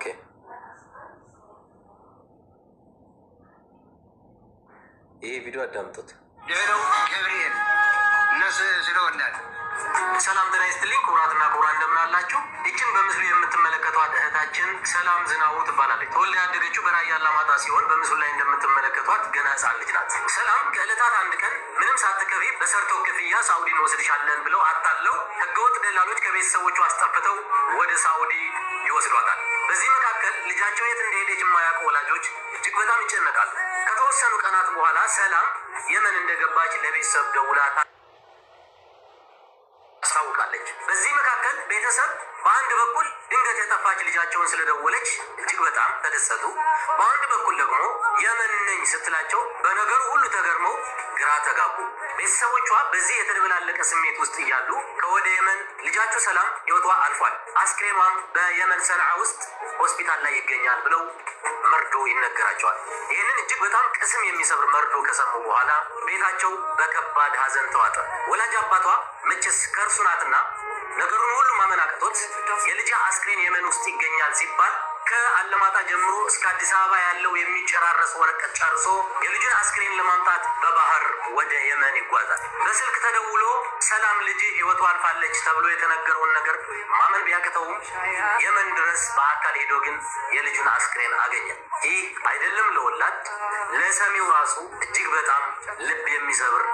ኦኬ ይህ ቪዲዮ አዳምጡት። ገብርኤል እነሱ ስለሆናል ሰላም ጤና ይስጥልኝ ክቡራትና ክቡራን እንደምናላችሁ። ይችን በምስሉ የምትመለከቷት እህታችን ሰላም ዝናቡ ትባላለች። ተወልዳ ያደገችው በራያ አላማጣ ሲሆን በምስሉ ላይ እንደምትመለከቷት ገና ሕፃን ልጅ ናት። ሰላም ከዕለታት አንድ ቀን ምንም ሳትከፊ በሰርቶ ክፍያ ሳኡዲ እንወስድሻለን ብለው አታለው ህገወጥ ደላሎች ከቤተሰቦቹ አስጠፍተው ወደ ሳውዲ ይወስዷታል። በዚህ መካከል ልጃቸው የት እንደሄደች የማያውቁ ወላጆች እጅግ በጣም ይጨነቃል። ከተወሰኑ ቀናት በኋላ ሰላም የመን እንደገባች ለቤተሰብ ደውላ በዚህ መካከል ቤተሰብ በአንድ በኩል ድንገት የጠፋች ልጃቸውን ስለደወለች እጅግ በጣም ተደሰቱ። በአንድ በኩል ደግሞ የመን ነኝ ስትላቸው በነገሩ ሁሉ ተገርመው ግራ ተጋቡ። ቤተሰቦቿ በዚህ የተደበላለቀ ስሜት ውስጥ እያሉ ከወደ የመን ልጃቸሁ ሰላም ህይወቷ አልፏል፣ አስክሬኗም በየመን ሰንዓ ውስጥ ሆስፒታል ላይ ይገኛል ብለው መርዶ ይነገራቸዋል። ይህንን እጅግ በጣም ቅስም የሚሰብር መርዶ ከሰሙ በኋላ ቤታቸው በከባድ ሀዘን ተዋጠ። ወላጅ አባቷ ምችስ ከእርሱ ናትና ነገሩን ሁሉ ማመናከቶት የልጅ አስክሬን የመን ውስጥ ይገኛል ሲባል ከአለማጣ ጀምሮ እስከ አዲስ አበባ ያለው የሚጨራረስ ወረቀት ጨርሶ የልጅን አስክሬን ለማምጣት በባህር ወደ የመን ይጓዛል። በስልክ ተደውሎ ሰላም ልጅ ህይወቱ አልፋለች ተብሎ የተነገረውን ነገር ማመን ቢያቅተውም የመን ድረስ በአካል ሄዶ ግን የልጁን አስክሬን አገኘ። ይህ አይደለም ለወላድ ለሰሚው ራሱ እጅግ በጣም ልብ የሚሰብር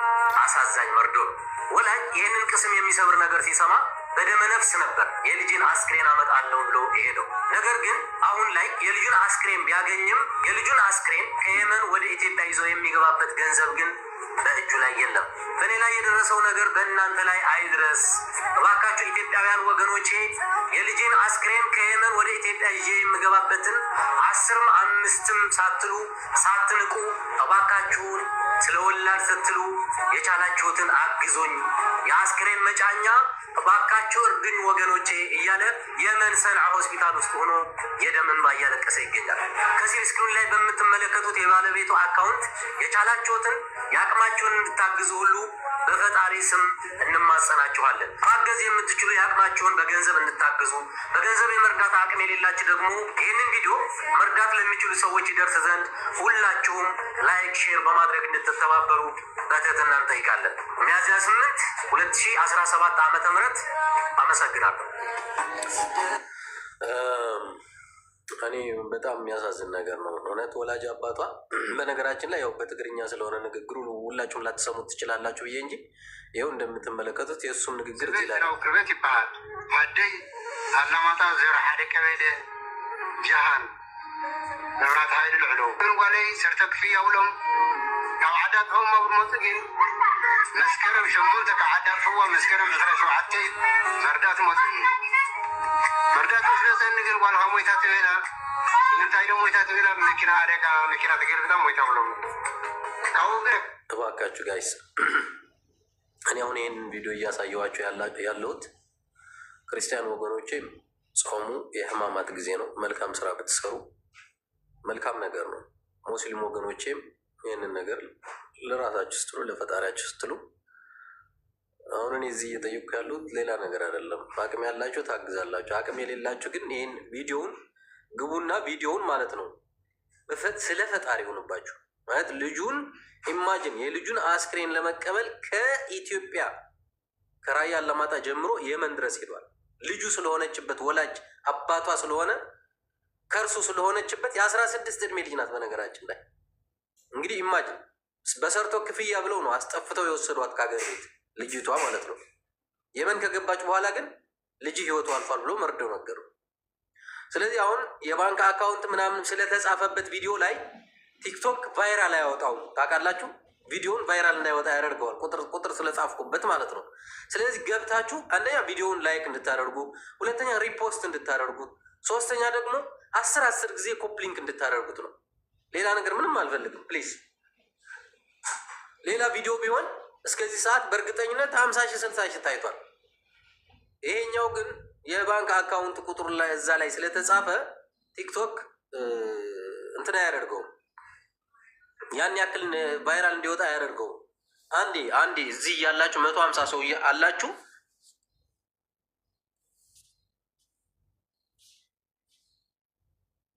አሳዛኝ መርዶ ነው። ወላጅ ይህንን ቅስም የሚሰብር ነገር ሲሰማ በደመ ነፍስ ነበር የልጅን አስክሬን አመጣለሁ ብሎ የሄደው። ነገር ግን አሁን ላይ የልጁን አስክሬን ቢያገኝም የልጁን አስክሬን ከየመን ወደ ኢትዮጵያ ይዘው የሚገባበት ገንዘብ ግን በእጁ ላይ የለም። በእኔ ላይ የደረሰው ነገር በእናንተ ላይ አይድረስ። እባካችሁ ኢትዮጵያውያን ወገኖቼ የልጄን አስክሬን ከየመን ወደ ኢትዮጵያ ይዤ የምገባበትን አስርም አምስትም ሳትሉ ሳትንቁ እባካችሁን ስለ ወላድ ስትሉ የቻላችሁትን አግዞኝ የአስክሬን መጫኛ እባካችሁ እርዱኝ ወገኖቼ እያለ የመን ሰንዓ ሆስፒታል ውስጥ ሆኖ የደም እንባ እያለቀሰ ይገኛል። ከዚህ ስክሪን ላይ በምትመለከቱት የባለቤቱ አካውንት የቻላችሁትን አቅማችሁን የምታግዙ ሁሉ በፈጣሪ ስም እንማጸናችኋለን። ማገዝ የምትችሉ የአቅማችሁን በገንዘብ እንድታግዙ፣ በገንዘብ የመርዳት አቅም የሌላችሁ ደግሞ ይህንን ቪዲዮ መርዳት ለሚችሉ ሰዎች ይደርስ ዘንድ ሁላችሁም ላይክ፣ ሼር በማድረግ እንድትተባበሩ በትህትና እንጠይቃለን። ሚያዝያ ስምንት ሁለት ሺህ አስራ ሰባት ዓመተ አመሰግናለሁ። እኔ በጣም የሚያሳዝን ነገር ነው እውነት ወላጅ አባቷ በነገራችን ላይ ያው በትግርኛ ስለሆነ ንግግሩ ሁላችሁም ላትሰሙት ትችላላችሁ ብዬ እንጂ ይኸው እንደምትመለከቱት የእሱም ንግግር ነው። ክርቤት ይባሃል። ማደይ አላማጣ ዜሮ ሓደ ቀበሌ ጃሃን መብራት ሀይል ልዕሎ ንጓለይ ሰርተ ክፍያ ውሎም ካብ ዓዳትኦም ኣብ መፅእ ግን መስከረም ሸሞንተ ካብ ዓዳትዋ መስከረም ዝረ ሸውዓተይ መርዳት መፅእ መርዳት ስለሰኒ ግን ጓልካ ሞይታ ትበላ እባካችሁ ጋይስ እኔ አሁን ይህን ቪዲዮ እያሳየኋቸው ያለሁት ክርስቲያን ወገኖቼ፣ ጾሙ የህማማት ጊዜ ነው። መልካም ስራ ብትሰሩ መልካም ነገር ነው። ሙስሊም ወገኖቼም ይህንን ነገር ለራሳችሁ ስትሉ ለፈጣሪያችሁ ስትሉ አሁን እኔ እዚህ እየጠየቅኩ ያሉት ሌላ ነገር አይደለም። አቅም ያላችሁ ታግዛላችሁ፣ አቅም የሌላችሁ ግን ይህን ቪዲዮውን ግቡና ቪዲዮውን ማለት ነው ስለ ፈጣሪ ሆኑባችሁ ማለት ልጁን ኢማጅን የልጁን አስክሬን ለመቀበል ከኢትዮጵያ ከራያ አላማጣ ጀምሮ የመን ድረስ ሄዷል። ልጁ ስለሆነችበት ወላጅ አባቷ ስለሆነ ከእርሱ ስለሆነችበት የአስራ ስድስት እድሜ ልጅ ናት። በነገራችን ላይ እንግዲህ ኢማጅን በሰርቶ ክፍያ ብለው ነው አስጠፍተው የወሰዷት ከአገር ቤት ልጅቷ ማለት ነው። የመን ከገባች በኋላ ግን ልጅ ህይወቱ አልፏል ብሎ መርደው ነገሩ። ስለዚህ አሁን የባንክ አካውንት ምናምን ስለተጻፈበት ቪዲዮ ላይ ቲክቶክ ቫይራል አያወጣው ታውቃላችሁ፣ ቪዲዮውን ቫይራል እንዳይወጣ ያደርገዋል ቁጥር ቁጥር ስለጻፍኩበት ማለት ነው። ስለዚህ ገብታችሁ አንደኛ ቪዲዮውን ላይክ እንድታደርጉ፣ ሁለተኛ ሪፖስት እንድታደርጉ፣ ሶስተኛ ደግሞ አስር አስር ጊዜ ኮፕሊንክ እንድታደርጉት ነው። ሌላ ነገር ምንም አልፈልግም። ፕሊዝ ሌላ ቪዲዮ ቢሆን እስከዚህ ሰዓት በእርግጠኝነት ሀምሳ ሺህ ስልሳ ሺህ ታይቷል። ይሄኛው ግን የባንክ አካውንት ቁጥሩ ላይ እዛ ላይ ስለተጻፈ ቲክቶክ እንትን አያደርገውም። ያን ያክል ቫይራል እንዲወጣ አያደርገውም። አንዴ አንዴ እዚህ ያላችሁ መቶ ሀምሳ ሰው አላችሁ